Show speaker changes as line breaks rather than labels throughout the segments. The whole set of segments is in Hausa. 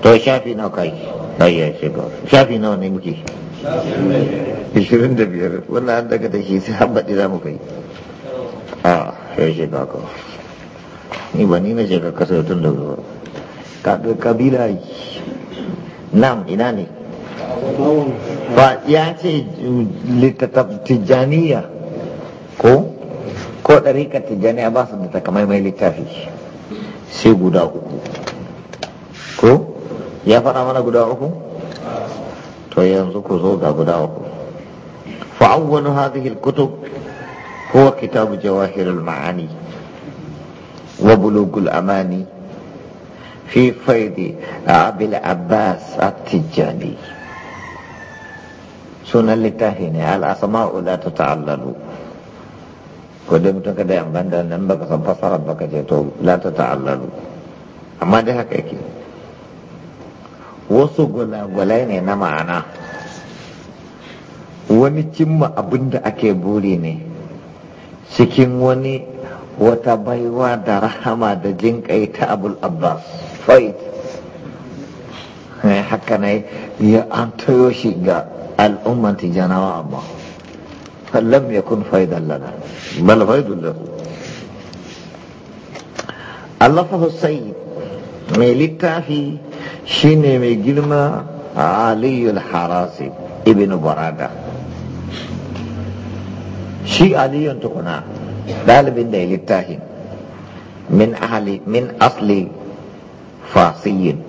to shafi nawa kai kai ya ce ba shafi nawa ne muke ishirin da biyar wannan an daga da shi sai habbaɗi kai a ya ce ni ba ni na ce ka kasa tun da ka kabila nan ina ne ba ya ce littattaf tijjaniya ko ko ɗarika tijjaniya ba su da takamaiman littafi sai guda uku ko ya fara mana guda uku to yanzu ku zo ga guda uku fa'awwanu hadhihi al-kutub huwa kitabu jawahir maani wa bulugh amani fi faydi abi abbas at-tijani sunan littafi ne al-asma'u la tata'allalu ko dai mutum kada yan banda nan baka san fasara baka je to la tata'allalu amma dai haka yake wasu gulagulai ne na ma'ana wani cimma abin da ake buri ne cikin wani wata baiwa da rahama da jinƙai ta abul abbas faid eh, haka ne ya an tayo shi ga al'umman tijanawa amma lam kun faidan lana bal da lahu allafa husayn mai littafi shine mai girma aliyul harasi ibn barada shi aliyun tukuna ɗalibin da ya littafi min ahli min asli fasiyin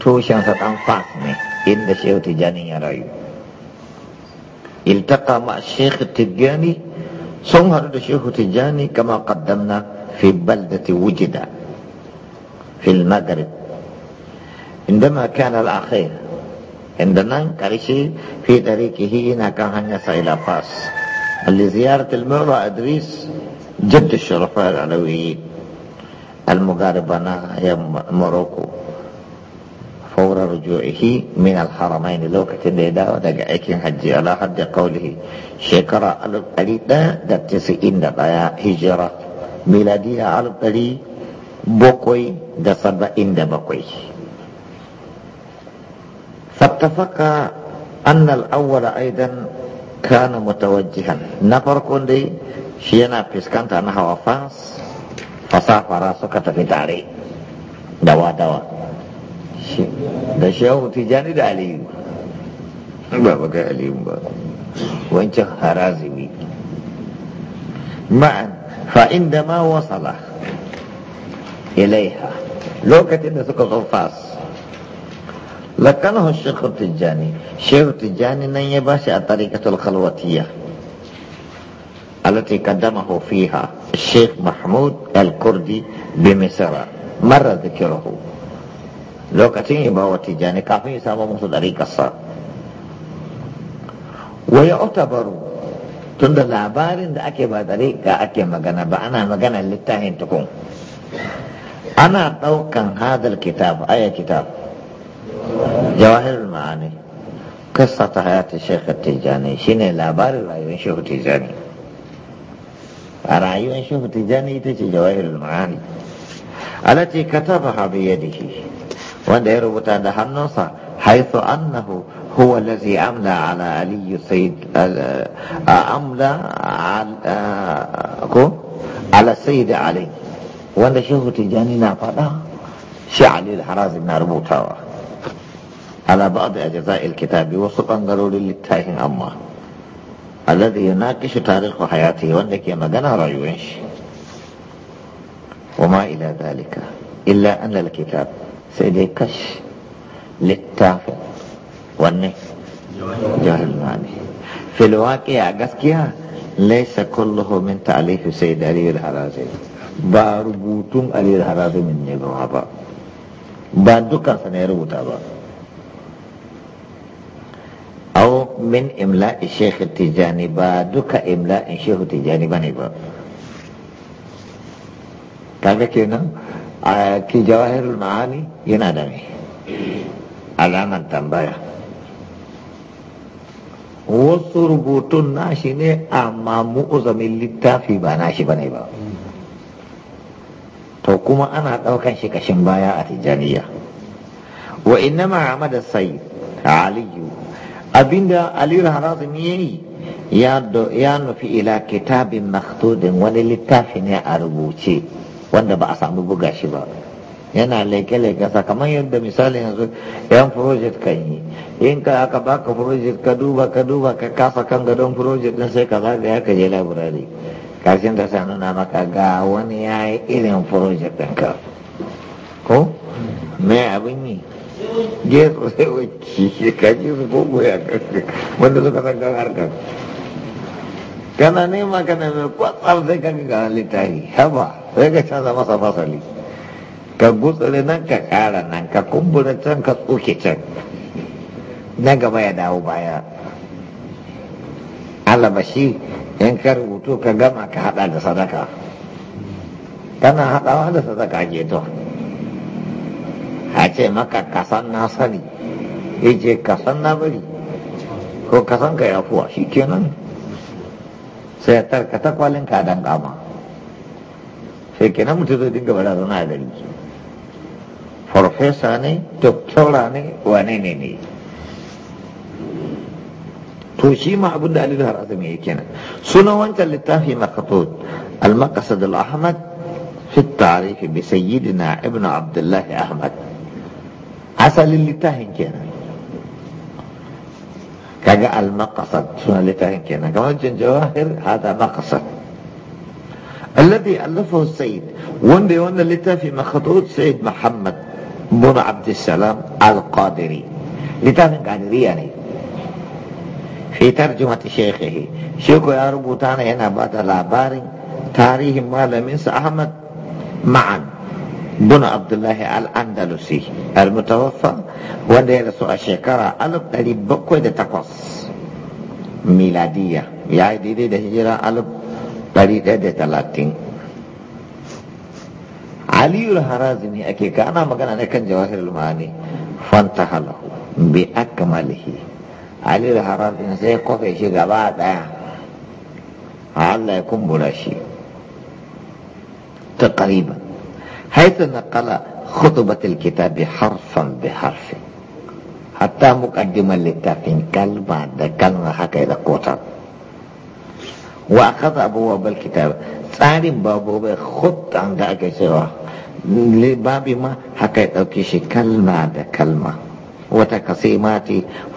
tushensa ɗan fas ne inda shehu tijani ya rayu iltaka ma shehu tijjani sun haɗu da shehu tijjani kama kaddamna fi baldati wujida fil عندما كان الأخير عندنا كريشي في طريقه نكاهن إلى فاس اللي زيارة المولى إدريس جد الشرفاء العلويين المغاربة يا موروكو فور رجوعه من الحرمين لو كتن دا ودقا ايكين حجي على حد قوله شكرا على القليدة دا تسئين دا هجرة ميلادية على القليد بوكوي دا سبعين دا بوكوي فاتفق أن الأول أيضا كان متوجها نفر كوندي شينا بيسكانت أنا هو فاس فسافر سكت في دوا دوا da shehu tijani da aliyu ba ba aliyu ba wancan harazimi ma'an fa'in da ma lokacin da suka zo fas لكنه الشيخ التجاني الشيخ التجاني نيبس باشا الطريقة الخلوتية التي قدمه فيها الشيخ محمود الكردي بمصر مر ذكره لو كتين يبقى تجاني كافي يسامو مصد طريقة الصار ويعتبر tunda labarin da ake ba dariƙa ake magana ba ana magana littafin tukun ana ɗaukan hadal kitab aya جواهر المعاني قصة حياة الشيخ التجاني شنو لابار رايون شيخ التجاني رايون شيخ التجاني تجي جواهر المعاني التي كتبها بيده وان دير عند حنوصة حيث أنه هو الذي أملى على علي سيد آه، آه، أملى على آه، على السيد علي وان شيخ التجاني نافذة شعلي الحرازي من ربوطها على بعض أجزاء الكتاب وسبان قالوا للتاهن أما الذي يناكش تاريخ حياته وانك يمغنى رأيوينش وما إلى ذلك إلا أن الكتاب سيدي كش للتافه والنه جوهر المعاني في الواقع قسكيا ليس كله من تعليف سيد علي الحرازي باربوتم علي الحرازي من نيرو هبا ba dukansa ne ya rubuta ba au min imla'i tijani ba imla'in shehu tijani bane kenan a ki jawahirul ma'ani yana da me alaman tambaya wasu rubutun nashi ne amma mu'uzamin littafi ba nashi bane ba to kuma ana ɗaukan shi kashin baya a tijaniya wa innama amada sai aliyu abinda ali harazumi yayi ya ya nufi ila kitabin makhdudin wani littafi ne a rubuce wanda ba a samu buga shi ba yana leke-leke kamar yadda misali yanzu yan project kan yi in ka aka baka project ka duba ka duba ka kasa kan gadon project din sai ka ya ka je library kashin da sa nuna maka ga wani ya yi irin project ɗinka ko me abin yi gero zai wanki shekaji su gogo ya wanda suka san kan harkar kana nema kana mai kwatsar zai kan ga littafi haba zai ka canza masa fasali ka gutsure nan ka kara nan ka kumbura can ka tsoke can na gaba ya dawo baya alabashi in ka rubutu ka gama ka hada da sadaka kana haɗawa da sadaka ke a ce maka kasan na sani ya ce kasan na bari ko kasan ka ya fuwa shi kenan sai tarkata kwalin ka dan gama. sai kenan mutum zai dinga bada zana a gari farfesa ne doktora ne wane ne ne to shi ma abin da alilu har azumi ya kenan Suna wancan littafi makatut al-maqasad al-ahmad fi tarihi tarif bi sayyidina ibnu abdullahi ahmad asalin littafin kenan kaga al-maqasad suna littafin kenan kamar jin jawahir hada maqasad alladhi allafahu sayyid wanda ya wannan littafi makhatut sayyid muhammad bin abd salam al-qadiri littafin qadiriya ne fi tarjumat shaykhihi shi ko ya rubuta ne yana ba labarin tarihin malaminsa ahmad Buna abdullahi al-andalusi al-mutawaffa wanda ya rasu a shekara 1708 miladiya ya yi daidai da hijira 1130 da harazi ne ake ka ana magana ne kan jawahir lumani fanta halahu bi akmalihi aliyul harazi ne sai kofa shi gaba ba a Allah ya kumbura shi ta ƙariban حيث نقل خطبة الكتاب حرفا بحرف حتى مقدما للتافين كلمة كلمة حكى إلى قوتها وأخذ أبواب الكتاب ثاني بابوب خط عند أكسوا لباب ما حكى أوكيش كلمة كلمة وتقسيمات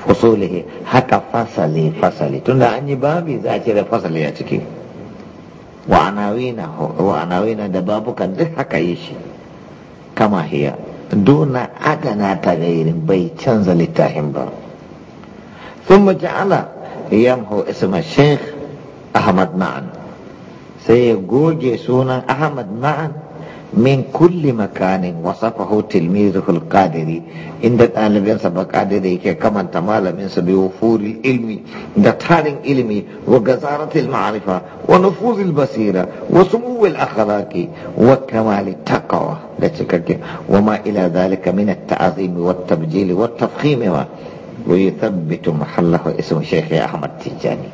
فصوله حكى فصلي فصلي تنا أني بابي ذاتي فصلي أتكي وعناوينه وعناوين دبابه كان دي حكا كما هي دون أدنى تغيير بي تنزل للتاهم ثم جعل يمحو اسم الشيخ أحمد معن سيقول جيسونا أحمد معن من كل مكان وصفه تلميذه القادري عند الآن بين سبق قادري كما تمال من بوفور العلم دتار علمي وجزارة المعرفة ونفوذ البصيرة وسمو الأخلاق وكمال التقوى وما إلى ذلك من التعظيم والتبجيل والتفخيم ويثبت محله اسم شيخ أحمد تيجاني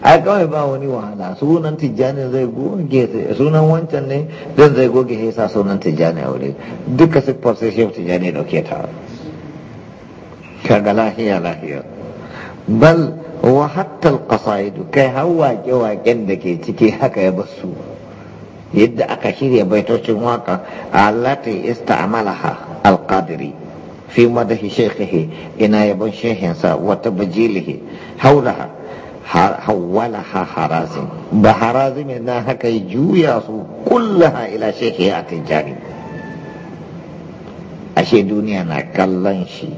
ai kawai ba wani wahala sunan tijjani zai goge sunan wancan ne zan zai goge hesa sunan tijjani a wuri duka su sai tijjani dauke ta kaga lahiya lahiya bal wa hatta alqasaidu kai hawaƙe-waƙen waken da ke ciki haka ya basu yadda aka shirya baitocin waka allati ista'malaha alqadiri fi madahi shaykhihi ina yabon shehinsa wa tabjilihi haulaha hawwalaha harazim da harazim na haka yi juya su kullaha ila shekhi a tijari ashe duniya na kallon shi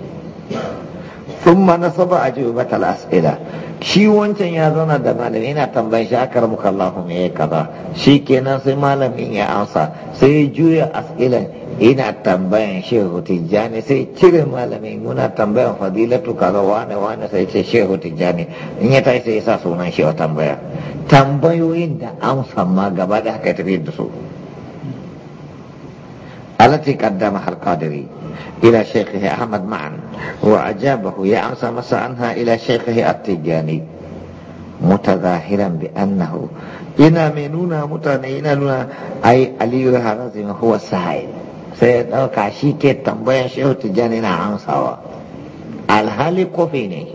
sun ma nasaba a ji batal as'ila shi wancan ya zauna da malami yana tambayin shi akar mukallahu me ya kaza shi kenan sai malamin ya amsa sai ya juya as'ilan ina tambayan shehu tijjani sai cire malamin muna tambayan fadilatu da wane wane sai ce shehu tijjani in ya tashi sai ya sa sunan shi a tambaya tambayoyin da amsa ma gaba da haka tafi da su التي قدمها القادري إلى شيخه أحمد معا وأجابه يا أمسى مسا عنها إلى شيخه التجاني متظاهرا بأنه إنا منونا متنيننا أي علي هرزم هو السعيد sai ɗauka shi ke tambayan shehu jani na hamsawa alhali kofi ne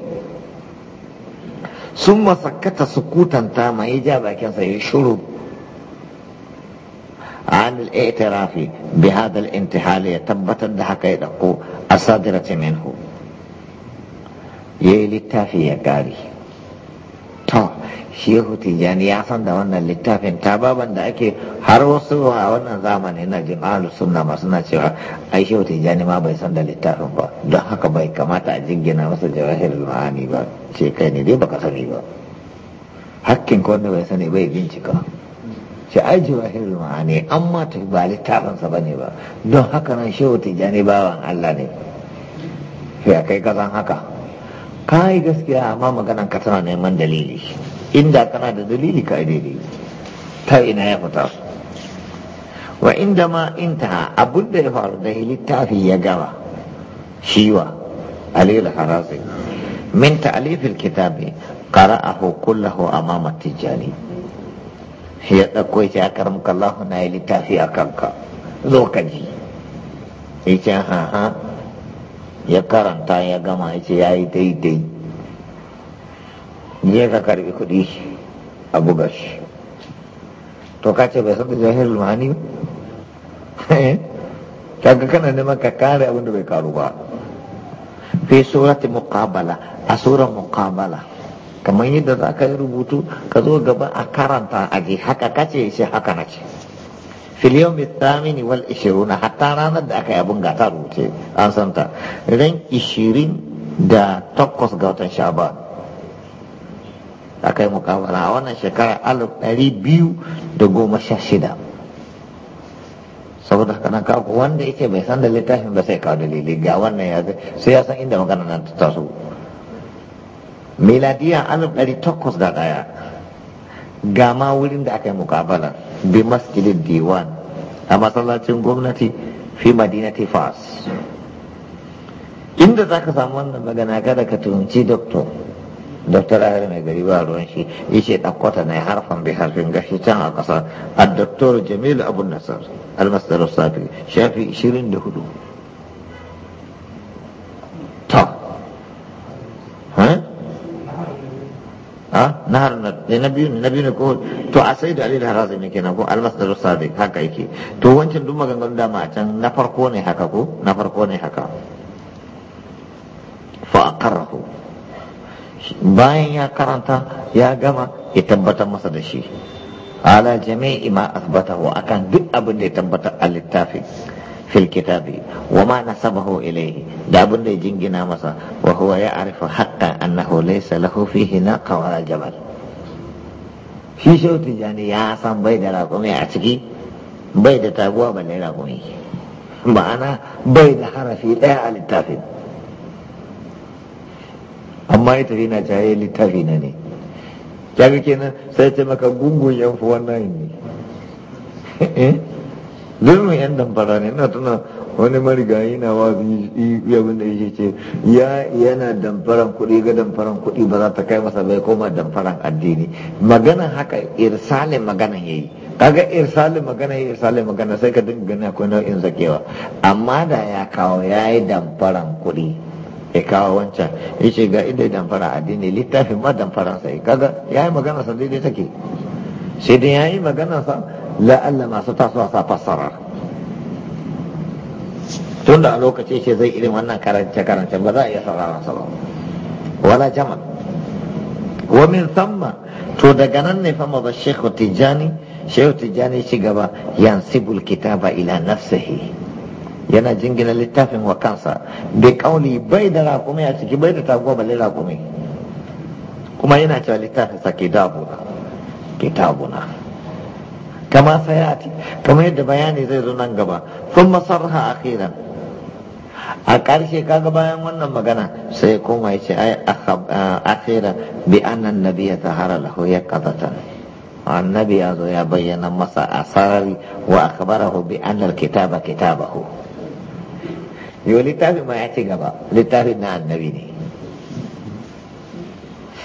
sun masakata su kutanta maija ja bakin sa yi shuru a hannun aitirafi bi hadal intihali ya tabbatar da haka ya ɗauko a sadira minhu ya yi littafi ya gari to shehu tijjani ya san da wannan littafin tababan da ake har wasu a wannan zamani na jin alu sunna masu na cewa ai shehu tijjani ma bai san da littafin ba don haka bai kamata a jingina masa jawahir ma'ani ba ce kai ne dai baka sani ba hakkin ko wanda bai sani bai bincika ce ai jawahir ma'ani an ma ba littafin sa bane ba don haka nan shehu tijjani bawan Allah ne ya kai san haka ka gaskiya amma maganan ka tana neman dalili inda kana da dalili ka yi daidai ta ina ya fita wa inda ma inta abin da ya faru da littafi ya gaba. shiwa alil harazi min ta'alifil kitabi qara'ahu kullahu amama tijani ya dauko ya karamka Allah na littafi akan ka zo ka ji yace ha ha ya karanta ya gama ya ce ya yi daidai ya ka karbi kudi a buga shi to ka ce bai san jahil mani ma'ani ba eh? ga kana neman ka kare abin da bai karu ba fi surati muqabala a surar muqabala kamar yadda za ka yi rubutu ka zo gaba a karanta a ji haka kace shi haka na ce Filiyo wal في اليوم الثامن والعشرون حتى رانا داك يا بن غاتا روتي ishirin da اشيرين ga watan غوتن شعبان akai muka a wannan shekara alif ɗari biyu da goma sha shida saboda kanan kawo wanda ita bai san da littafin ba sai kawo dalili ga wannan ya sai ya san inda magana nan ta taso miladiyan alif ɗari takwas ga ɗaya Gama ma wurin da aka yi mukabala bi masjidin diwan a masallacin gwamnati fi madinati fas inda za ka samu wannan magana kada ka tunci doktor doktor ahir mai gari ba ruwan shi ya ce ɗakwata na harfan bai harfin gashi can a ƙasa a doktor jamilu abu nasar almasdar safi shafi 24 nahar na biyu na biyu ne ko to a sai da alil harazimi kenan ko almasdar sadiq haka yake to wancan duk maganganun da ma can na farko ne haka ko na farko ne haka fa aqarrahu bayan ya karanta ya gama ya tabbatar masa da shi ala jami'i ma asbatahu akan duk abin da ya tabbatar a littafin fil kitabi wa ma nasabahu ilayhi da abin da ya jingina masa wa huwa ya arifa haqqan annahu laysa lahu fihi naqa wala jabal shi shehu jani ya san bai da raƙumi a ciki bai da taguwa ba ne raƙumi ma'ana bai da harafi ɗaya a littafin amma ita tafi na jaye eh, littafi na ne kaga kenan sai ce maka gungun yanfu wannan ne eh? zurmi yan damfara ne na tuna wani marigayi na wa yi abin da yake ce ya yana damfaran kuɗi ga damfaran kuɗi ba za ta kai masa bai koma damfaran addini maganan haka irsalin maganan ya yi kaga irsalin magana ya irsalin magana sai ka dinga gani akwai nau'in zakewa amma da ya kawo ya yi damfaran kuɗi ya kawo wancan ya ce ga inda damfara addini littafin ma damfaransa sai kaga ya yi magana sa daidai take sai dai ya yi magana sa la'alla masu tasowa sa fassara tun da a lokacin shi zai irin wannan karance-karance ba za a iya sauraron sa ba wala jama wa min samma to daga nan ne fama ba shekhu tijjani shehu tijjani ci gaba yansibul kitaba ila nafsihi yana jingina littafin wa kansa bai kauli bai da raƙumi a ciki bai da taguwa balle raƙumi kuma yana cewa littafin sa kitabuna kitabuna kama sayati kama yadda bayani zai zo nan gaba sun masarha a kiran a ƙarshe kaga bayan wannan magana sai koma ya ce a kiran bi annan nabi ya tahara lahu ya kazata annabi ya zo ya bayyana masa a sarari wa a kabarahu bi kitaba kitabahu yau littafin ma ya ci gaba littafin na annabi ne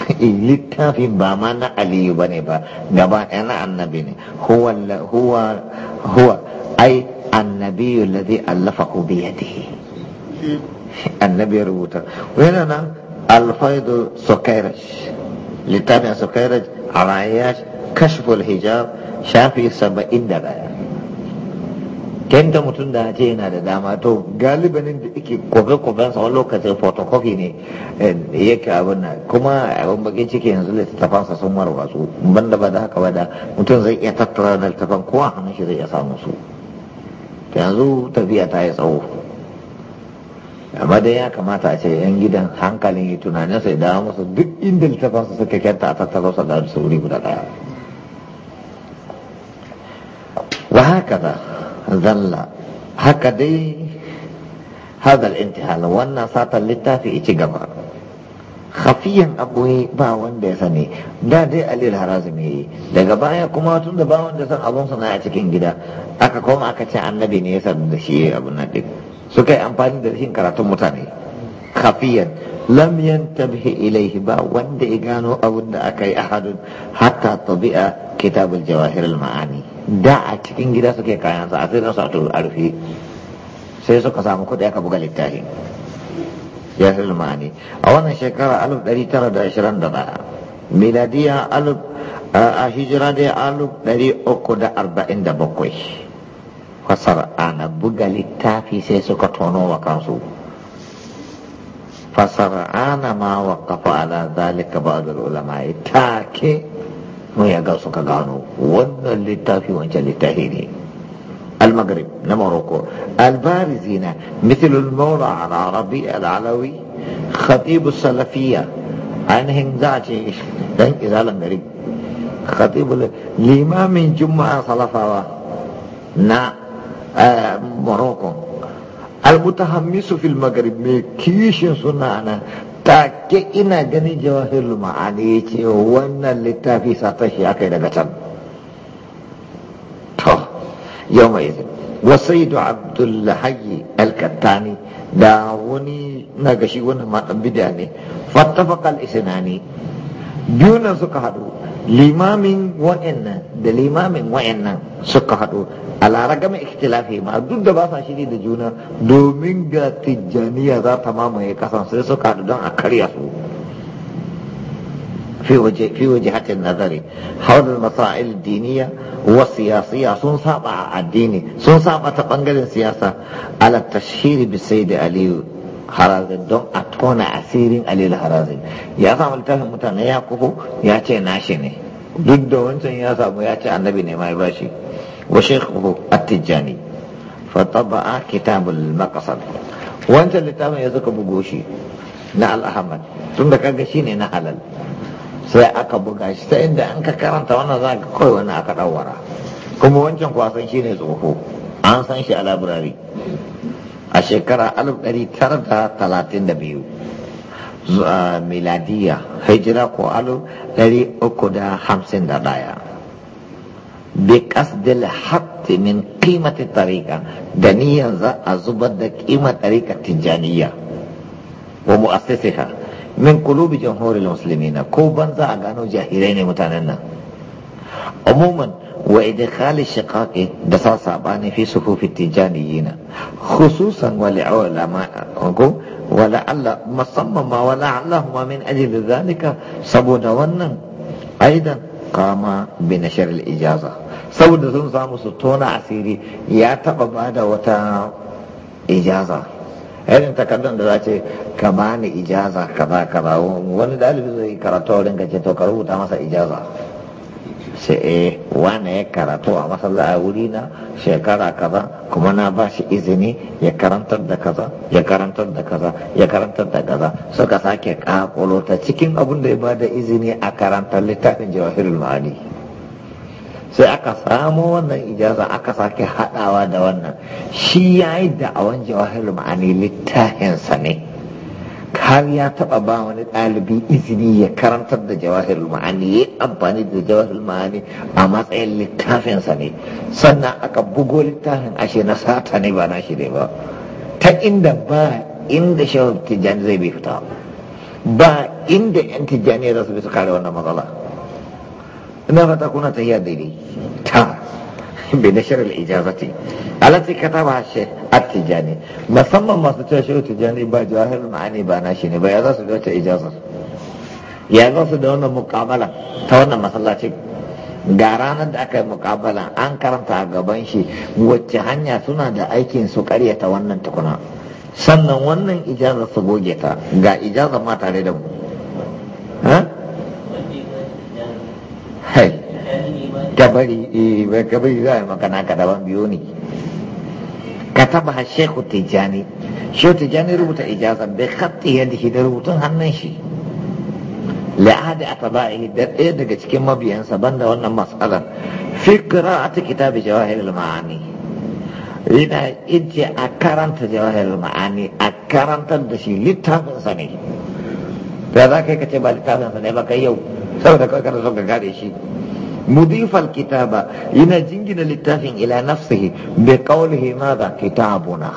littafin ba ma na aliyu ba ne ba gaba ɗaya na annabi ne huwa huwa ai annabiyu ladhi allafahu bi yadihi annabi ya rubuta wani nan alfaidu sokairaj littafin sokairaj a rayuwa kashful hijab shafi saba'in da ɗaya Kenta mutum da ce yana da dama to galibanin da ike kwafe kwafen sa wani lokacin photocopy ne eh, ke abin nan kuma abin bakin ciki yanzu littattafansa sun warwatsu banda ba da haka ba da mutum zai iya tattara da littattafan kowa hannun shi zai iya samu su yanzu tafiya ta yi tsawo amma dai ya kamata a ce yan gidan hankalin yi tunanin sai dawo masa duk inda littattafansa suka kenta a tattara sa da wuri guda daya wa haka zalla haka dai hadal intihal wannan satar littafi ici gaba khafiyan akwai ba wanda ya sani da dai alil harazumi yi daga baya kuma tun da ba wanda san abun sana a cikin gida aka koma aka ce annabi ne ya da shi abu na din su yi amfani da rashin karatun mutane khafiyan lam yantabhi ilaihi ba wanda ya gano abun da aka yi ahadun hatta tabi'a kitabul al ma'ani da a cikin gida suke kayan sa, a sai su a rufe sai suka samu kuɗi aka buga littafi ya fi lumani a wannan shekara 1921 miladiya a hijira da 347 fasar ana buga littafi sai suka tono wa kansu fasar ana ma wa kafa ala zalika ba da ulama take mayaga suka gano wannan littafi wancan littafi ne المغرب لموروكو البارزين مثل المولى العربي العلوي خطيب السلفية عنهم ذاتي دان إذا المغرب خطيب من جمعة صلفاوة نا آه موروكو المتهمس في المغرب كيش سنة أنا take ina ganin jawahirul ma'ani ya ce wannan littafi shi aka yi daga can to yau mai da abdullahi alkantani da wani na gashi wani matan bidiya ne fattafakal isinani biyunan suka haɗu limamin wa'annan da limamin wa'annan suka haɗu a laraga mai ikitilafi ma duk da ba sa shiri da juna domin ga tijjaniya za ta mamaye kasan sai suka kadu don a karya su fi waje hatin nazari haunar masa'il diniya wa siyasiya sun saba a addini sun saba ta bangaren siyasa ala tashiri bi sai da aliyu don a tona asirin alil harazin ya samu littafin mutane ya kuku ya ce nashi ne duk da wancan ya samu ya ce annabi ne mai bashi shi وشيخه التجاني فطبع كتاب المقصد وانت اللي تعمل يزك tunda نعل أحمد ثم na نحلل sai aka buga shi ta inda an ka karanta wannan za ka kawai wani aka ɗaura kuma wancan kwasan shi ne tsoho an san shi a labirari a shekara 1932 miladiyya hijira ko ɗaya. بقصد الحط من قيمة الطريقة دنيا أزبد قيمة طريقة تجانية ومؤسسها من قلوب جمهور المسلمين كوبا أغانو جاهلين متاننا عموما وإدخال الشقاق دسا صعبان في صفوف التجانيين خصوصا ولعلماء ولعل ما صمم ولعلهما من أجل ذلك صبود ونن أيضا قام بنشر الإجازة saboda sun samu su tona asiri ya taba ba da wata ijaza irin takardar da za ce ka ba ni ijaza ka ba wani dalibi zai karatu wurin ka ce to ka rubuta masa ijaza sai eh wane ya karatu a a wuri na shekara kaza kuma na ba shi izini ya karantar da kaza ya karantar da kaza ya karantar da kaza suka sake kakulota cikin abin da ya ba da izini a karantar littafin jawahirul ma'ani sai aka samo wannan ijaza aka sake haɗawa da wannan shi ya yi da'awan jawahirul ma'ani littafinsa ne har ya taɓa ba wani ɗalibi izini ya karantar da jawahar ma'ani ya amfani da jawahar ma'ani a matsayin littafinsa ne sannan aka bugo littafin ashe na sata ne ba nashi ne ba ta inda ba inda shehu tijjani zai bai fita ba inda yan tijjani za su bi su kare wannan matsala ina fata kuna ta yi daidai بنشر الإجابة التي كتبها الشيخ التجاني ما مسمى ما ستوى التجاني با جاهل عني با ناشيني با يضا سدوة إجازة يضا سدوة مقابلة تونا مسلاتي ga ranar da aka yi mukabala an karanta a gaban shi wacce hanya suna da aikin su karyata wannan tukuna sannan wannan ijazar su goge ta ga ijazar ma tare da mu ha kabari eh, bai kabari za a magana ka biyu ne ka taba Shehu tijjani shehu tijjani rubuta ijaza bai khatti yadda shi da rubutun hannun shi la'adi a taba'ihi yi ɗaya daga cikin mabiyansa banda wannan matsalar fikira a ta kitabi jawahir ma'ani yana ince a karanta jawahir ma'ani a karantar da shi littafinsa ne da za ka yi ka ce ba littafinsa sani ba kai yau saboda kawai kana son ka shi مضيف الكتاب إن جنجنا للتافع إلى نفسه بقوله ماذا كتابنا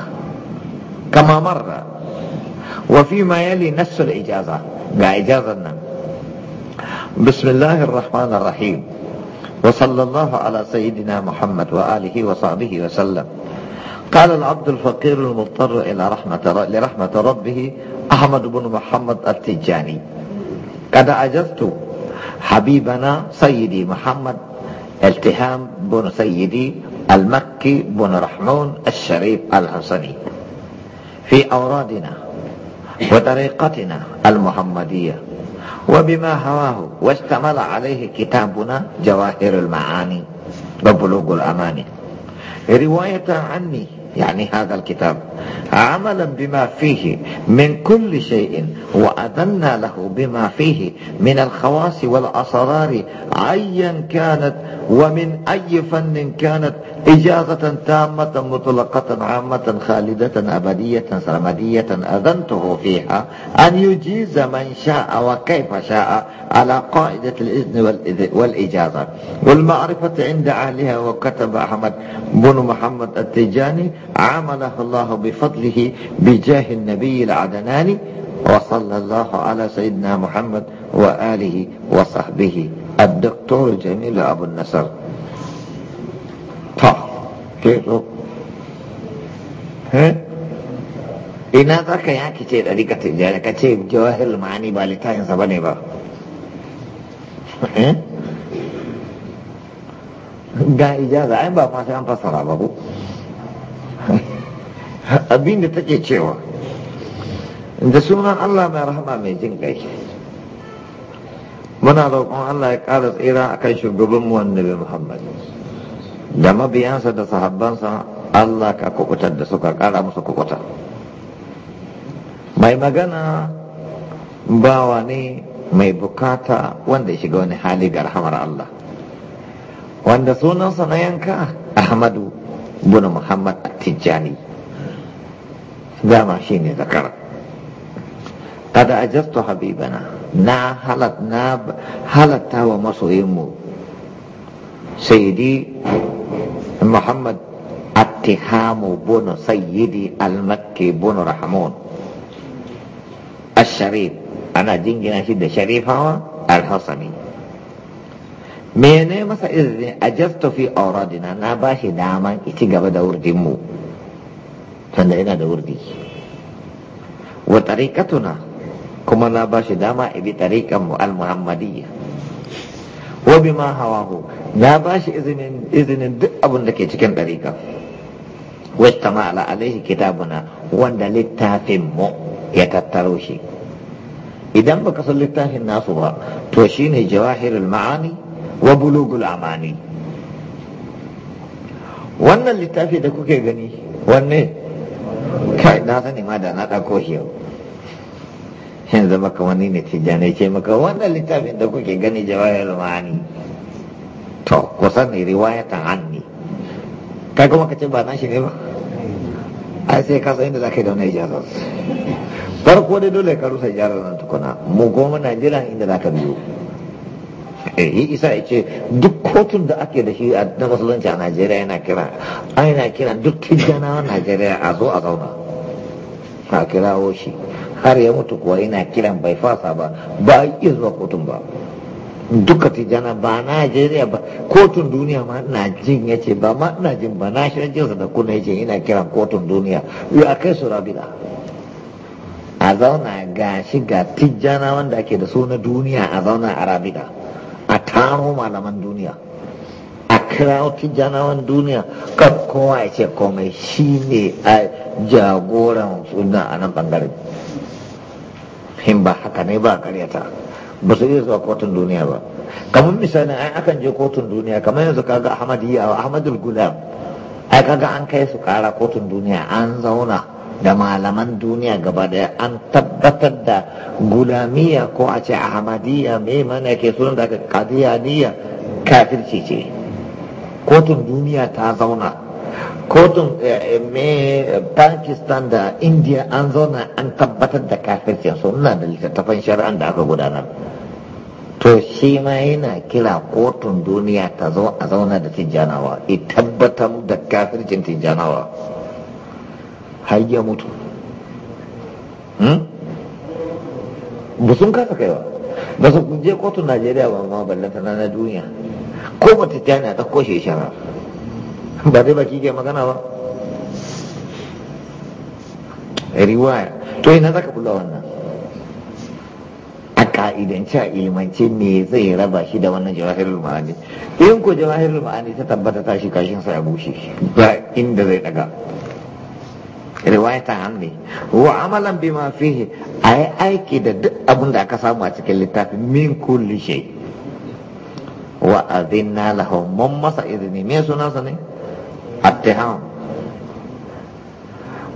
كما مر وفيما يلي نفس الإجازة قا نعم. بسم الله الرحمن الرحيم وصلى الله على سيدنا محمد وآله وصحبه وسلم قال العبد الفقير المضطر إلى رحمة لرحمة ربه أحمد بن محمد التجاني قد عجزت حبيبنا سيدي محمد التهام بن سيدي المكي بن رحمون الشريف الحسني في أورادنا وطريقتنا المحمدية وبما هواه واشتمل عليه كتابنا جواهر المعاني وبلوغ الأماني رواية عني يعني هذا الكتاب عملا بما فيه من كل شيء وأذنا له بما فيه من الخواص والأسرار عيا كانت ومن أي فن كانت إجازة تامة مطلقة عامة خالدة أبدية سرمدية أذنته فيها أن يجيز من شاء وكيف شاء على قاعدة الإذن والإجازة والمعرفة عند أهلها وكتب أحمد بن محمد التجاني عمله الله بفضله بجاه النبي العدناني وصلى الله على سيدنا محمد وآله وصحبه الدكتور جميل أبو النصر طه كيف ها ina za ka yaki ce ɗarika tijjani ka ce jawahir ba littafinsa ba ne ba ga ijaza ai ba fata an fasara ba ko abinda take cewa da sunan allah mai rahma mai jin kai muna roƙon Allah ya ƙara tsira a kan shugaban mu annabi Muhammad da mabiyansa da sahabbansa Allah ka kukutar da suka ƙara musu kukuta mai magana bawa ne mai bukata wanda ya shiga wani hali ga rahamar Allah wanda sunansa na yanka Ahmadu buna Muhammad Tijjani dama shi ne zakara kada ajabtu habibana na halatta wa masoyinmu sayyidi muhammad attihamu bunu sayyidi al-makki bunu rahmun al-sharif ana jingina shi da sharifawa al-hasami mene masa izini a jasto fi auradina na ba shi daman ici gaba da wurdinmu tunda yana da wurdi wa tariƙatuna kuma na ba shi dama ibi tariƙan al-muhammadiyya wa bima hawahu na ba shi izinin izinin duk abin da ke cikin tariƙa wajtama ala alaihi kitabuna wanda littafin mu ya tattaro shi idan baka san littafin nasu ba to shine jawahirul ma'ani wa bulugul amani wannan littafin da kuke gani wanne kai na sani ma da na ɗauko shi ya zama kamar ni ne jane ce maka wannan littafin da kuke gani jawahir ma'ani to kusan ne riwayatan hannu. kai kuma ka ce ba na shi ne ba ai sai ka san inda za ka yi da wani ijazar farko da dole ka rusa ijazar nan tukuna mu goma na jiran inda za ka biyo yi eh, isa ya ce duk kotun da ake da shi a na musulunci a najeriya yana kira a yana kira duk tijjanawa najeriya a zo a zauna a kira shi har ya mutu kuwa yana kiran bai fasa ba ba a iya zuwa kotun ba duka tijana ba najeriya ba kotun duniya ma na jin ya ce ba ma na jin ba na shirin jinsa da kuna ya ce yana kiran kotun duniya yau kai su rabila a zauna ga shi ga tijana wanda ake da su na duniya a zauna a rabida a taro malaman duniya a kirawo wanda duniya kan kowa ya ce komai shi ne a jagoran suna a nan bangaren in ba haka ne ba karyata ba su iya zuwa kotun duniya ba kamar misali ai akan je kotun duniya kamar yanzu kaga Ahmad wa ahmadul gulam ai kaga an kai su kara kotun duniya an zauna da malaman duniya gaba daya an tabbatar da gulamiya ko a ce ahmadiyya mai mana ke sunan da kadiyaniya kafirci ce kotun duniya ta zauna kotun eh, eh, eh, pakistan da india an zauna an tabbatar da kafircin suna da littattafan shari'an da aka gudanar to shi ma yana kira kotun duniya ta zo a zauna da tijjanawa i tabbatar da kafircin tijjanawa har ya mutu hmm? ba sun kasa kaiwa ba su je kotun najeriya ba ma ballanta na duniya ko ba tijjani ta koshe shari'a ba dai baki ke magana ba riwaya to ina zaka kula wannan a ka'idance a ilimance me zai raba shi da wannan jawahirul ma'ani in ko jawahirul ma'ani ta tabbata ta shi kashin sa ya bushe ba inda zai daga riwaya ta hannu wa amalan bima fihi ayi aiki da duk abin da aka samu a cikin littafin min kulli shay wa adinna lahum mun masa izini me sunansa ne ittiham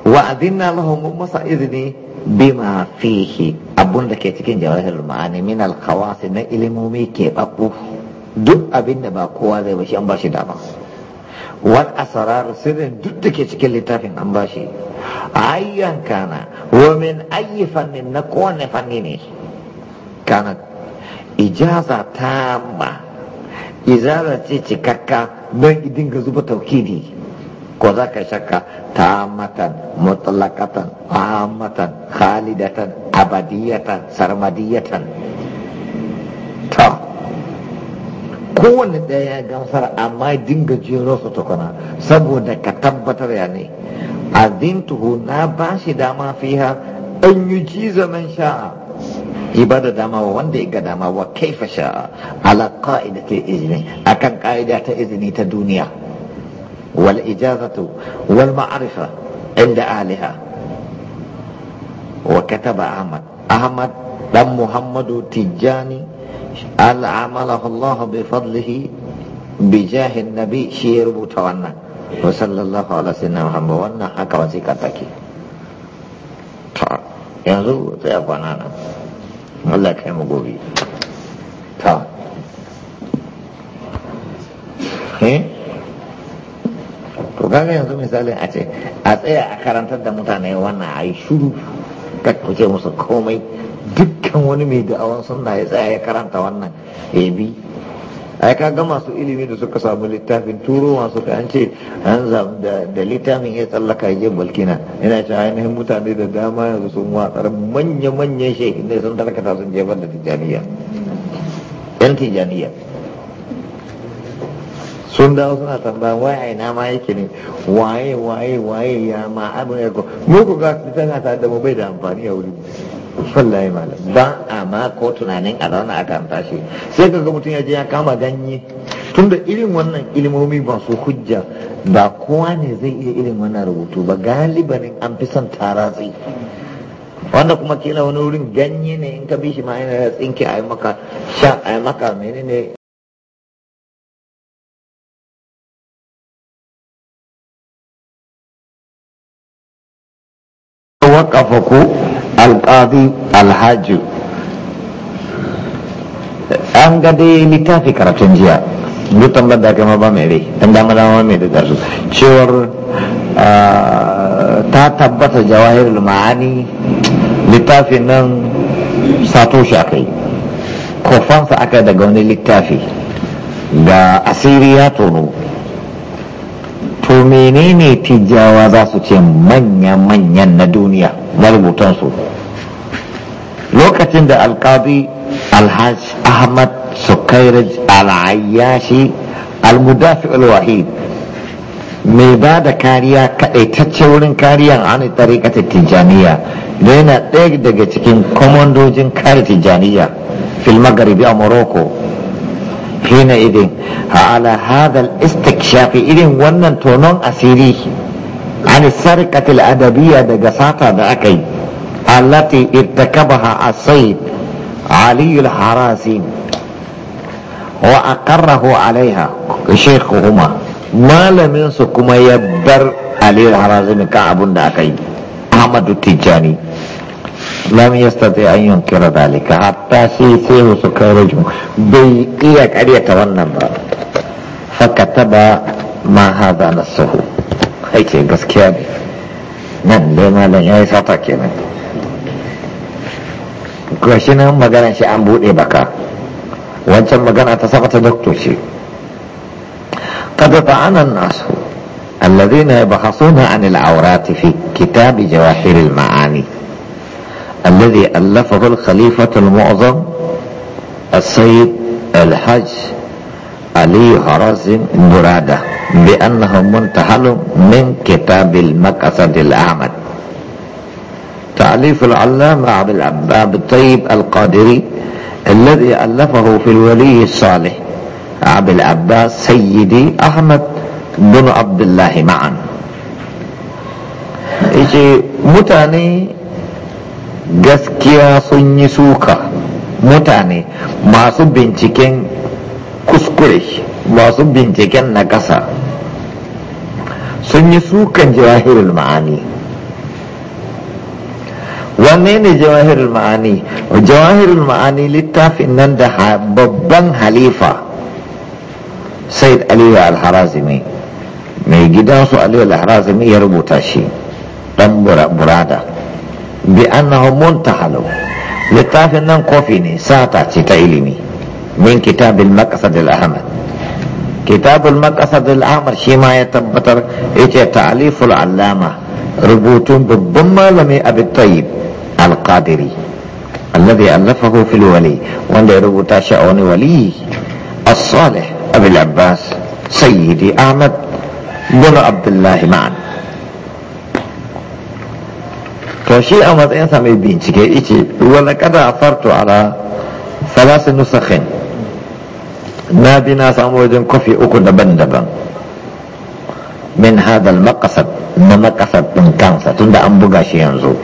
wa adinna lahum masa izini bima fihi abun da ke cikin jawahirul ma'ani min al na ilimomi ke babu duk abin da ba kowa zai bashi an bashi dama wal asrar sirrin duk da ke cikin littafin an bashi ayyan kana wa min ayyi fannin na kowane fanni ne kana ijaza ma izara ce cikakka don idin ga zuba ne. ko za ka shakka tamatan mutlaqatan ahammatan khalidatan abadiyatan sarmadiyatan ta kowane ɗaya ya gamsar amma dinga jero su tukuna saboda ka tabbatar ya ne A azintuhu na ba shi dama ha in yi ci zaman sha'a ibada dama wa wanda ya ga dama wa kaifa sha'a ala ka'ida ta izini akan ka'ida ta izini ta duniya والإجازة والمعرفة عند أهلها وكتب أحمد أحمد بن محمد تجاني أنعمله الله بفضله بجاه النبي شير متوانا وصلى الله على سيدنا محمد وانا حكا وسيكا تاكي ينظر سيقوانا الله كيما قولي 好。to kaga yanzu misalin a ce a tsaya a karantar da mutane wannan a yi shuru ka kuce musu komai dukkan wani mai da'awan suna ya tsaya ya karanta wannan ya bi ai ka ga masu ilimi da suka samu littafin turo masu ka an ce an zamu da littafin ya tsallaka yin balkina yana ce ainihin mutane da dama yanzu sun watsar manya-manyan shekin ne sun tarkata sun jefar da tijaniya yan tijaniya sun dawo suna tambaya waye ina ma yake ne waye waye waye ya ma abin ya mu ku ga tana tare da mu bai da amfani a wuri wallahi malam ba a ma ko tunanin a zauna aka kan Sai sai ga mutum ya je ya kama ganye tunda irin wannan ilimomi ba su hujja ba kowa ne zai iya irin wannan rubutu ba galibanin an fi son taratsi wanda kuma kila wani wurin ganye ne in ka bi shi ma yana tsinke a yi maka sha a yi maka menene ku القاضي الحاج an ga dai littafi karatun jiya duk tambar da kama ba mai rai dama dama mai da cewar ah, ta tabbata jawahir ma'ani littafin nan sato shi aka yi kofansa aka daga wani littafi da asiri ya tono to menene Tijjawa za su ce manya-manyan na duniya marubutansu lokacin da alkadi alhaj ahmad sukairaj al'ayyashi almudafi wahid mai ba da kariya kaɗaitacce wurin kariya an tarikatar tijjaniya da yana ɗaya daga cikin komandojin kare tijjaniya fil magharibi a morocco hina idin ala istik istikshafi irin wannan tonon asiri an sarkatil adabiyya daga sata da aka yi allati irtakabaha as-sayyid ali al-harasi wa aqarrahu alaiha kuma. malamin su kuma ya bar ali al-harasi kan abun da aka yi ahmadu tijjani لم يستطيع أن ينكر ذلك حتى سيسيه سكورجه بيقيك أن يتولم فكتب ما هذا نصه هيك بس كياني نعم، nan لما لن ya yi sata kenan هم مغانا شي shi an buɗe مغانا تساقط دكتور شي قد ta الناس الذين يبحثون عن العورات في كتاب جواهر المعاني الذي ألفه الخليفة المعظم السيد الحاج علي هرازم مرادة بأنه منتحل من كتاب المقصد الأعمد تعليف العلامة عبد الطيب القادري الذي ألفه في الولي الصالح عبد العباس سيدي أحمد بن عبد الله معا يجي متاني gaskiya sun yi suka mutane masu binciken kuskure masu binciken na ƙasa sun yi sukan jawahirul ma'ani wanne ne jawahirul ma'ani jawahirul ma'ani littafin nan da babban halifa said aliyu al-harazimi mai gidansu aliyu al-harazimi ya rubuta shi dan burada بأنه منتحل لطاف النم قفيني ساطع تتعلمي من كتاب المقصد الأحمد كتاب المقصد الأمر شما يتبتر إيه تعليف العلامة ربوت ببما لم أبي الطيب القادري الذي ألفه في الولي وعند ربوت شعون ولي الصالح أبي العباس سيدي أحمد بن عبد الله معنا to shi a matsayinsa mai bincike ice wala kada farto ala salasin nusakhin na bi na samu wajen kofi uku daban-daban min hadal makasar na makasar ɗin kansa tunda an buga shi yanzu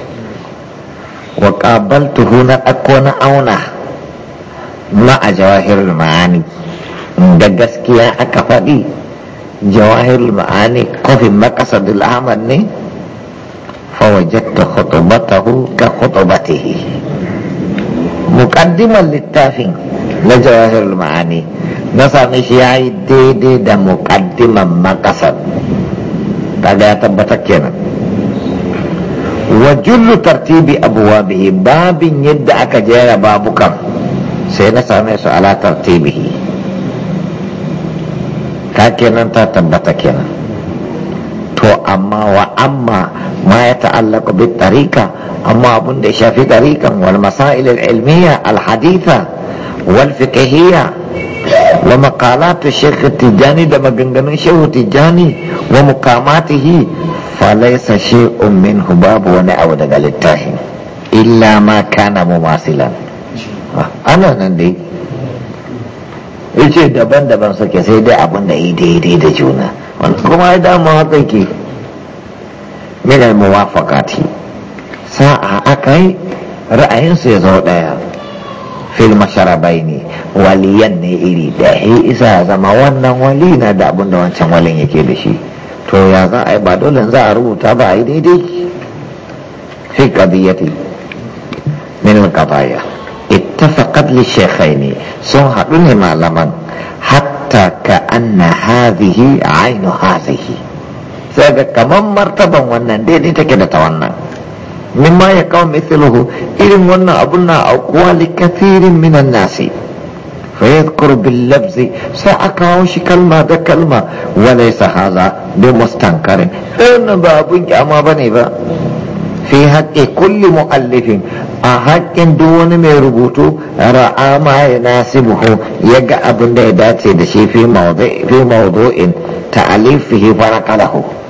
wa tuhu na ɗakko na auna ma a jawahir ma'ani da gaskiya aka faɗi jawahir ma'ani kofin makasar ahmad ne fawajat ta khutubat tahu ka khutubat ihi mukaddimah li tafi na jawahir ma'ani na sami syiai dede dan mukaddimah makasad tak ada atas batak kena wajullu tertibi abu wabihi babi nyedda babu kam sai na sami soala tertibi tak kena tak ada batak kena amma ma ya ta'allaka bi tariqa amma abun da ya shafi tariqan wal masail al ilmiya al haditha wal fiqhiya wa maqalat shaykh tijani da maganganun shehu tijani wa muqamatihi laysa shay'un minhu babu wani abu daga littafi illa ma kana mumasilan ana nan dai yace daban-daban suke sai dai abin da yi daidai da juna kuma ya dama haka ke min al-muwafaqati sa'a akai ra'ayinsu ya zo daya fil ne waliyan ne iri ɗaya isa zama wannan wali na da abin wancan walin yake da shi to ya za a ba dole za a rubuta ba a yi daidai fi qadiyati min al-qadaya ittafaqat li shaykhaini sun haɗu ne malaman hatta ka anna hadhihi aynu hadhihi sai ga kamar martaban wannan daidai take da ta wannan ma ya kawo mithluhu irin wannan abun na aukuwa li kathirin minan nasi fa yadhkur bil lafzi sai a kawo shi kalma da kalma wa laysa hadha bi mustankarin wannan ba abun kyama bane ba fi haƙƙi kulli mu'allifin a haƙƙin duk wani mai rubutu ra'a ma ya nasibuhu ya ga abin da ya dace da shi fi mawdu'in ta'alifihi kalahu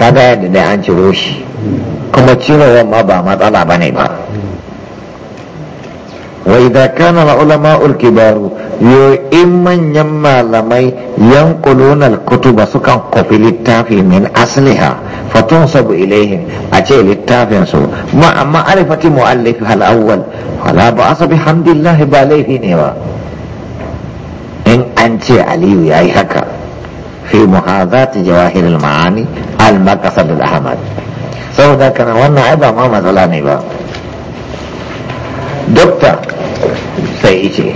kaga yadda dai an ciro shi kuma cirowar ma ba matsala ba ne ba wai da kana ulama ulkibaru yo in manyan malamai yankuluna kutuba sukan kofi littafi min asliha fatun sabu ilaihin, a ce littafin su ma amma arifati mu'allifi hal awwal wala ba asabi hamdillahi ba laifi ne ba in an ce aliyu yayi haka fi muhadzat jawahir al maani al makasab al ahmad so da kana wannan ai ba ma matsala ne ba dokta sai ice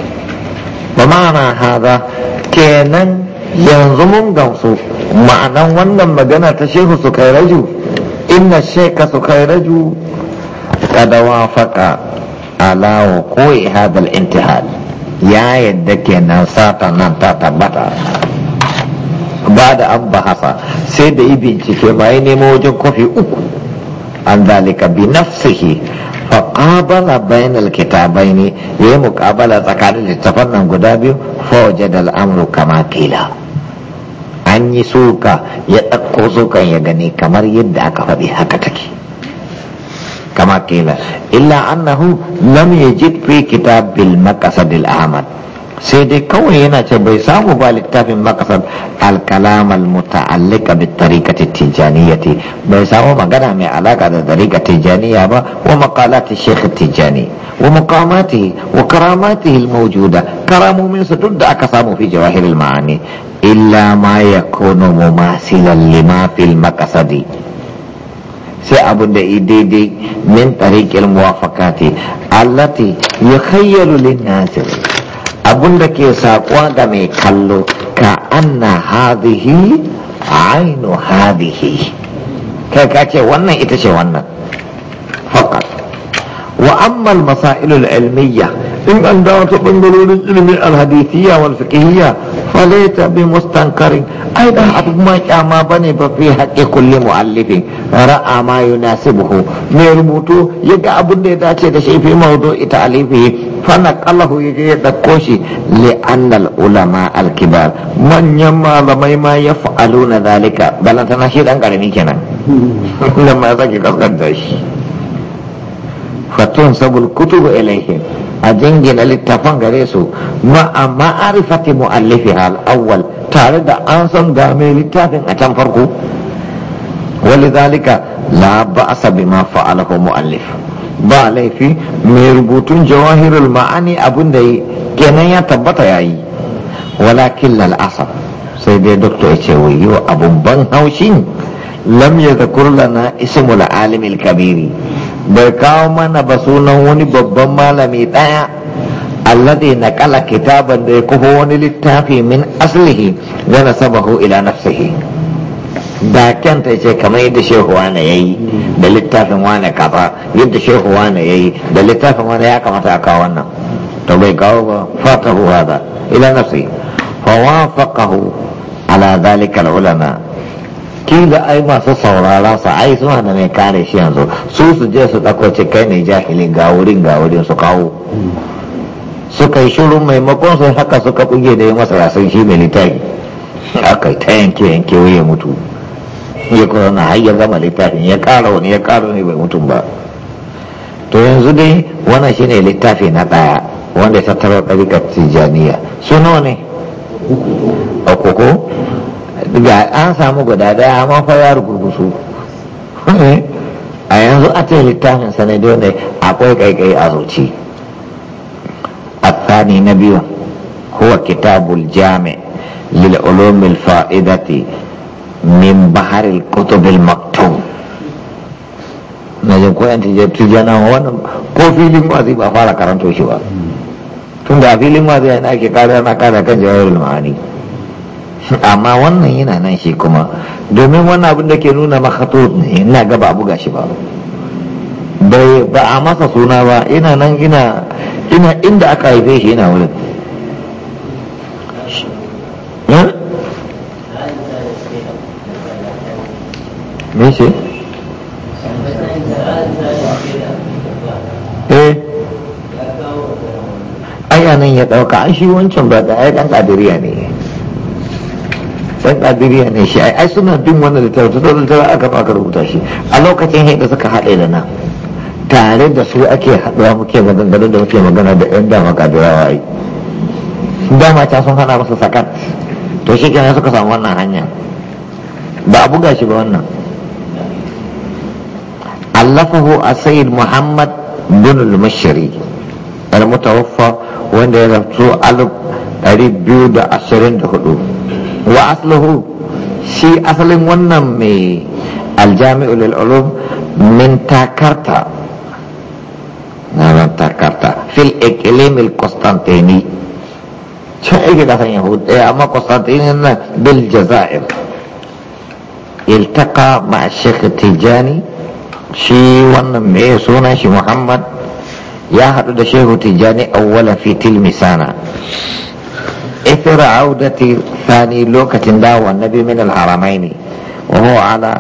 ba haza kenan yanzu mun gamsu ma'anan wannan magana ta shehu su kai raju inna sheka su kai raju kada wafaka ala wa koyi hadal intihal ya yadda kenan sata nan ta tabbata ba da an bahasa sai da yi bincike ya nemo wajen kofi uku an zalika bi nafsihi faƙabala bainal kitabai ne ya yi muƙabala tsakanin littafan nan guda biyu fawaje da al'amuru kama kila an yi suka ya ɗauko sukan ya gani kamar yadda aka faɗi haka take kama kila illa annahu lam yajid fi kitabil maqasadil ahmad sai dai kawai yana ce bai samu ba littafin makasar alkalam almuta'allika bi tariqati tijaniyati bai samu magana mai alaka da tariqa tijaniya ba wa maqalati sheikh tijani wa maqamati wa karamatihi almawjuda karamomin su duk da aka samu fi jawahir almaani illa ma yakunu mumasilan lima fil maqasadi sai abin da daidai min tariqil muwafaqati allati yukhayyalu lin nasir abun da ke saƙuwa ga mai kallo ka anna hadhihi ainu hadihi kai ka ce wannan ita ce wannan faqat wa Ammal Masa masailul ilmiyya in an dawo ta bangarorin ilimin alhadithiyya wal fiqhiyya falaita bi mustankarin ai ba abu ma kyama bane ba fi haƙƙi kulli mu'allifin ra'a ma yunasibuhu mai rubutu yaga abun da ya dace da shi fi mawdu'i ta'alifi fanaqalahu yaje ya dauko shi li annal ulama alkibar manyan malamai ma yaf'aluna zalika balanta na shi dan karami kenan nan ma zaki kaskanta shi fatun sabul kutubu ilaihim a jingina littafan gare su ma'a ma'arifati mu'allifiha al-awwal tare da an san ga mai littafin a can farko ولذلك لا بأس بما فعله مؤلف ba laifi mai rubutun jawahirul ma'ani abin da yi kenan ya tabbata ya yi walakin lal'asar sai dai doktor ya ce wayo abun ban haushin lam ya zakur lana ismul alimil kabiri bai kawo mana ba sunan wani babban malami daya alladhi naqala kitaban da ya kufa wani littafi min aslihi wa nasabahu ila nafsihi da kyanta ce kamar yadda shehu wane ya yi da littafin wane kafa yadda shehu wane ya yi da littafin wane ya kamata a kawo wannan to bai kawo ba Fata fatahu ba ila nafsi fa wafaqahu ala zalika ulama da ai masu saurara sa ai suna da mai kare shi yanzu su su je su dako ce kai ne jahilin ga wurin ga wurin su kawo suka yi shirin maimakon su haka suka kuge da ya masa rasin shi mai littafi aka ta yanke yanke waye mutu ya kuma na har zama littafin ya kara wani ya kara wani bai mutum ba to yanzu dai wannan shine littafi na ɗaya wanda ya tattara ɗarikar tijjaniya su nawa ne a koko ga an samu guda daya amma fa ya rugurgusu eh, a yanzu a ce littafin sanadi ne akwai kaikai a zuci a tsani na biyu kuwa kitabul jami' lil fa'idati min baharil kutubil maktum na jin koyan tijjana wannan ko filin wazi ba fara karanto shi ba tun da filin wazi yana ake kare na kare kan jawabin ma'ani amma wannan yana nan shi kuma domin wannan abin da ke nuna makato ina gaba abu gashi ba bai ba a masa suna ba ina nan ina ina inda aka haife shi ina wurin me ce eh aya nan ya ɗauka an shi wancan ba da ai ɗan ƙadiriya ne ɗan ƙadiriya ne shi ai suna bin wannan littafi ta littafi aka aka rubuta shi a lokacin yadda suka haɗe da nan tare da su ake haɗuwa muke magana da muke magana da ƴan dama ƙadirawa ai dama ta sun hana masa sakat to shi kenan suka samu wannan hanya ba a buga shi ba wannan ألفه السيد محمد بن المشري المتوفى وعند يرسو ألف أريد بيود أشرين دخلو وأصله شي أصل ونمي الجامع للعلوم من تاكرتا نعم تاكرتا في الإقليم القسطنطيني شو أيك كثير يهود إيه، أما قسطنطيني بالجزائر التقى مع الشيخ التيجاني shi wannan mai sunan shi muhammad ya haɗu da shehu tijjani awwala fi tilmisana ifira audati sani lokacin dawo annabi min ne wa huwa ala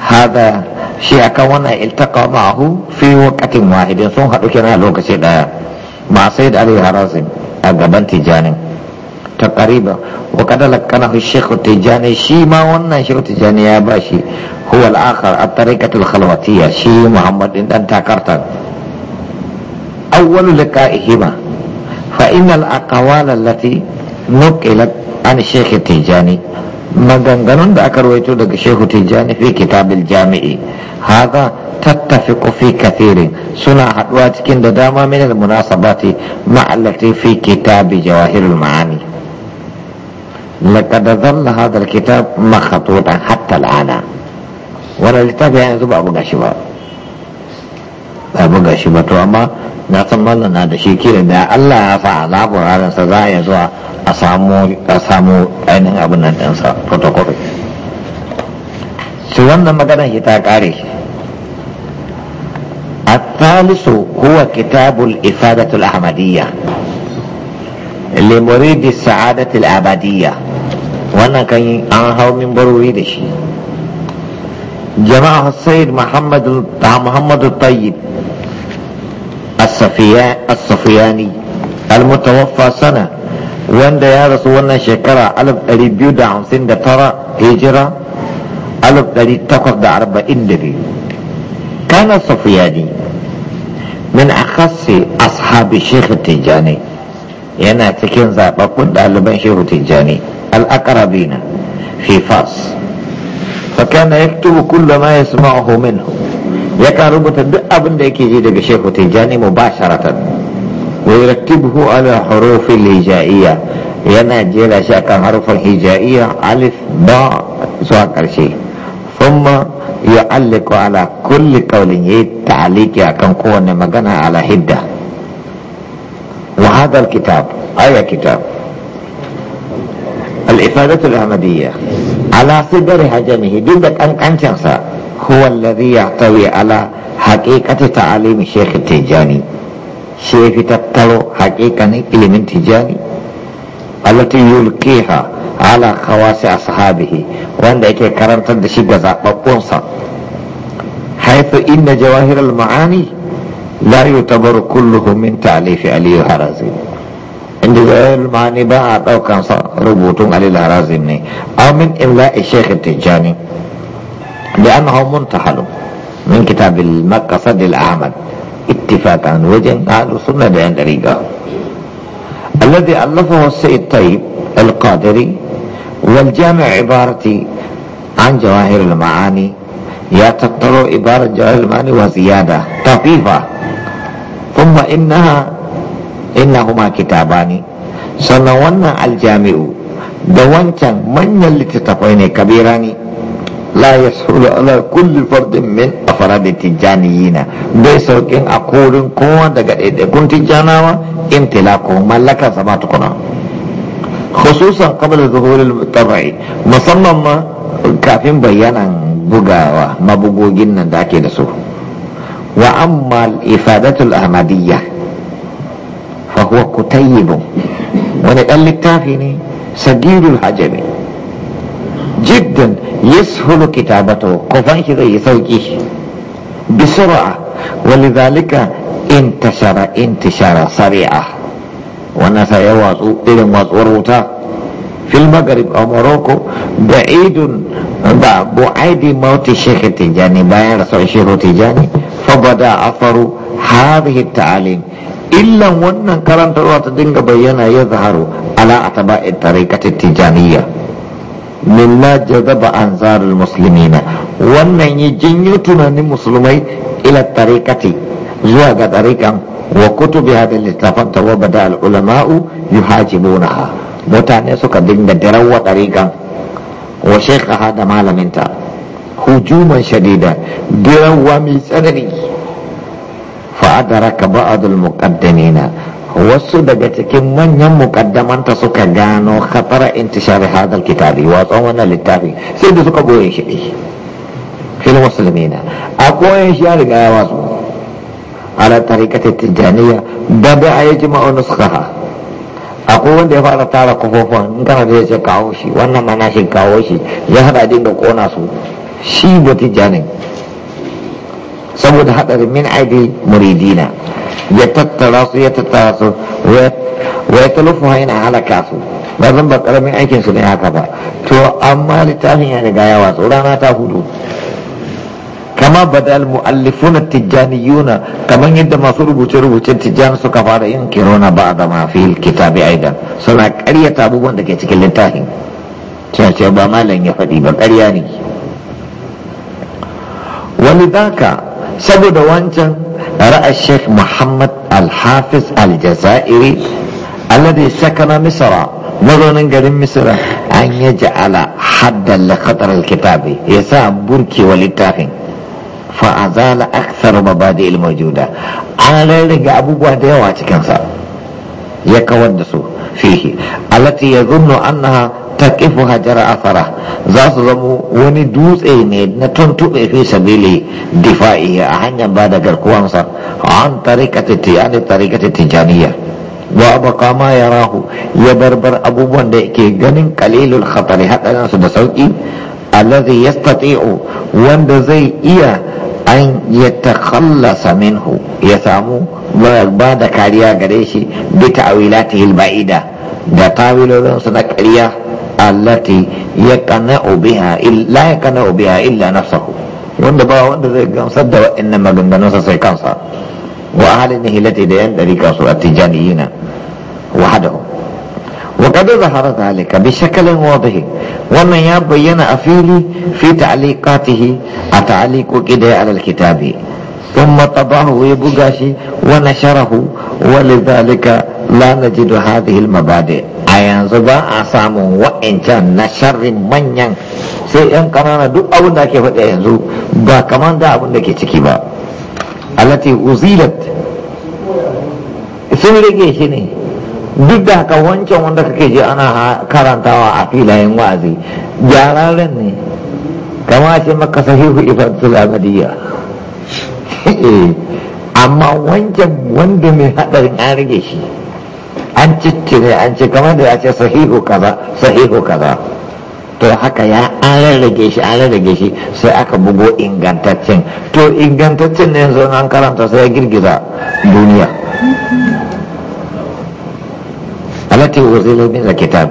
hada shi akan wannan iltaqa ma'ahu fi wakatin wahidin sun haɗu kira lokaci daya ba sai da harasi a gaban tijjanin تقريبا وقد لكنه الشيخ التجاني شي ما وانا الشيخ التجاني يا باشي هو الاخر الطريقة الخلواتية شي محمد انت كرتا اول لقائهما فان الاقوال التي نقلت عن الشيخ التجاني ما كان ويتو لك الشيخ التجاني في كتاب الجامعي هذا تتفق في كثير سنة حدوات كند داما من المناسبات مع التي في كتاب جواهر المعاني لقد ظل هذا الكتاب مخطوطا حتى الآن ولا الكتاب يعني زبا أبو قاشبا أبو قاشبا توما ناسم الله نادا شكير دا الله يسعى لابو هذا سزا يسوى أسامو أسامو أين أبو نتنسى فوتوكوبي سوان لما كان هتاكاري الثالث هو كتاب الإفادة الأحمدية لمريد السعادة الأبدية وانا كان انهو من بروي دشي جماعة السيد محمد محمد الطيب الصفياني المتوفى سنة وان دا يارس وانا شكرا الف اريبيو دا عمسين دا ترى هجرة الف اريتقر دا عربة اندري كان الصفياني من اخص اصحاب الشيخ التجاني yana cikin zaɓaɓɓun ɗaliban shehu tijjani al-aqrabina fi fas fa kana yaktubu kullu ma homin. Ya yakan rubuta duk abin da yake ji daga shehu tijjani mubasharatan wa yurattibuhu ala hurufil hijaiya yana jera shi akan harufan hijaiya alif ba zuwa karshe thumma yu'alliqu ala kulli qawlin yayi ta'liqi akan kowane magana ala hidda وهذا الكتاب أي كتاب الإفادة الأحمدية على صدر هجمه دندك أن أنشأ هو الذي يحتوي على حقيقة تعليم الشيخ التجاني شيخ تتلو حقيقة علم تجاني التي يلقيها على خواص أصحابه وأن كرمت الدشي بزاق حيث إن جواهر المعاني لا يعتبر كله من تعليف علي الهرازي عند ذلك معني بعض أو كان ربوتون علي الهرازي مني أو من إملاء الشيخ التجاني لأنه منتحل من كتاب المقصد الأعمد اتفاقا وجن أهل سنة عند ريقا الذي ألفه السيد طيب القادري والجامع عبارة عن جواهر المعاني يا يتطلع عبارة جواهر المعاني وزيادة طفيفة thumma innaha innahuma kitabani sannan wannan aljami'u da wancan manyan littattafai ne kabira ne la yasulu ala kulli fardin min afradi tijaniyina bai sauƙi a korin kowa daga ɗaiɗaikun tijjanawa intilako mallaka sama ba tukuna khususan qabla zuhuril tabai musamman ma kafin bayanan bugawa mabugogin nan da ake da su وأما الإفادة الأحمدية فهو كتيب ونقل التافيني سجيد الحجم جدا يسهل كتابته كفاية يسوكي بسرعة ولذلك انتشر انتشار سريعة وانا سيوازو إلى وروتا في المغرب أو موروكو بعيد بعيد موت الشيخ التجاني بعيد رسول الشيخ التجاني فبدا اثر هذه التعاليم الا wannan karantarwa ta dinga bayyana ya zaharu ala ataba'i tariqati tijaniyya min la jazaba musulmi na. wannan ya janyo tunanin musulmai ila tariqati zuwa ga ɗarikan. wa kutubi hada littafan ta wa bada al'ulama'u yuhajibunaha mutane suka dinga dirawa ɗarikan. wa shaykhaha da malaminta hujuman shadida wa mai tsanani fa'adaraka ba'adul muqaddamina wasu daga cikin manyan muƙaddamanta suka gano khatara intishar hadal kitabi watsan na littafi sai da suka goye shi fil musulmina a koyan shi ya riga ya wasu ala tarikatar tijjaniya da ba a yi jima'u nuskaha akwai wanda ya fara tara kofofin in kana da ya ce kawo shi wannan mana shi kawo shi ya hada dinga kona su shi ba tijjani saboda hadari min aidi muridina ya tattara su ya tattara su wa ya talufu haina halaka su ba zan ba karamin aikin su ne haka ba to amma littafin ya riga yawa, watsu rana ta hudu kama badal mu'allifun tijjaniyuna, kaman yadda masu rubuce-rubucen tijjani suka fara yin kirona ba da ma fil kitabi aidan suna karyata abubuwan da ke cikin littafin cewa ba malam ya faɗi ba karya ne wani daka saboda wancan ra'a sheikh muhammad al-hafiz al-jazairi alladhi sakana misra mazaunin garin misra an ya ala haddan la khatar ya sa yasa burkewa littafin fa'azala aksar mabadi ilmajuda an rarraga abubuwa da yawa cikinsa ya kawar da su fihi allati ya zunno annaha taqifu hajara afara za su zamo wani dutse ne na tuntube fi sabili difa'i a hanyar ba da sa an tarikata tiyani tarikata tijaniya wa abaka ma yarahu ya barbar abubuwan da yake ganin qalilul khatari hadarin su da sauki allazi yastati'u wanda zai iya an yatakhallasa minhu ya samu ba da kariya gare shi bi ta'wilatihi al-ba'ida da tawilolinsu na ƙarya التي يقنع بها لا يقنع بها الا wanda ba wanda zai gamsar da wa'annan maganganunsa sai kansa wa ahalin hilati da yan dari kasu a tijaniyina wa hadahu wa kada zahara zalika bi shakalin wadahi wannan ya bayyana a fili fi ta'liqatihi a ta'liqu qida ala alkitabi thumma tabahu wa yubgashi wa nasharahu wa lidhalika la najidu hadhihi almabadi' a yanzu ba a samun wa'ancan na sharrin manyan sai yan kanana duk abin da ake faɗi yanzu ba kamar da abin da ke ciki ba alati uzilat sun rage shi ne duk da haka wancan wanda kake ji ana karantawa a filayen wa'azi gyararren ne kama ce maka sahihu ibn abadiyya eh, amma wancan wanda mai haɗarin an rage shi an ciccire an ce kamar da ya ce sahihu kaza sahihu kaza to haka ya an rarrage shi an rarrage shi sai aka bugo ingantaccen to ingantaccen ne yanzu an karanta sai ya girgiza duniya Alati التي أغزلوا من الكتاب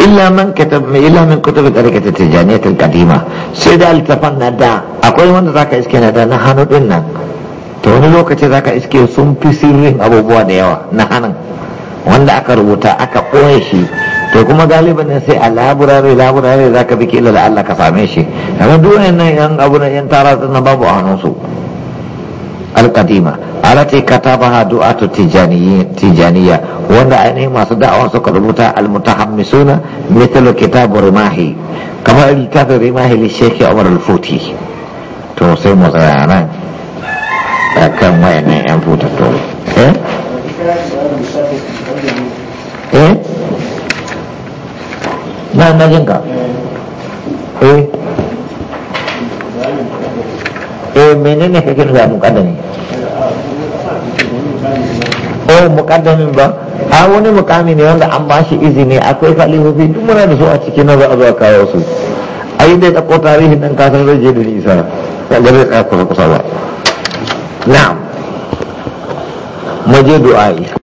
إلا من كتب إلا من كتب طريقة التجانية da. سيدا التفن دا أقول من ذاك إسكين دا نحن إنا to wani lokaci za ka iske sun fi sirrin abubuwa da yawa na hannun wanda aka rubuta aka ɓoye shi to kuma galiban ne sai a laburare laburare za ka bi kila da Allah ka same shi Kana duniyan nan yan abu na yan tara na babu a hannunsu alƙadima alati katabaha du'atu tijaniya wanda ainihin masu da'awa suka rubuta almutahammisuna mithlu kitabu rimahi kamar littafin rimahi li sheikh umar al-futi to sai mu tsaya nan kan wayannan yan futattu eh eh na na jinka eh eh menene kake da mukaddami oh mukaddamin ba a wani mukami ne wanda an bashi izini akwai kalifofi duk muna da su a cikin na za a zuwa kawo su ai dai tsako tarihin nan kasan zai je da nisa wanda zai tsaya kusa kusa ba na'am mu je du'a'i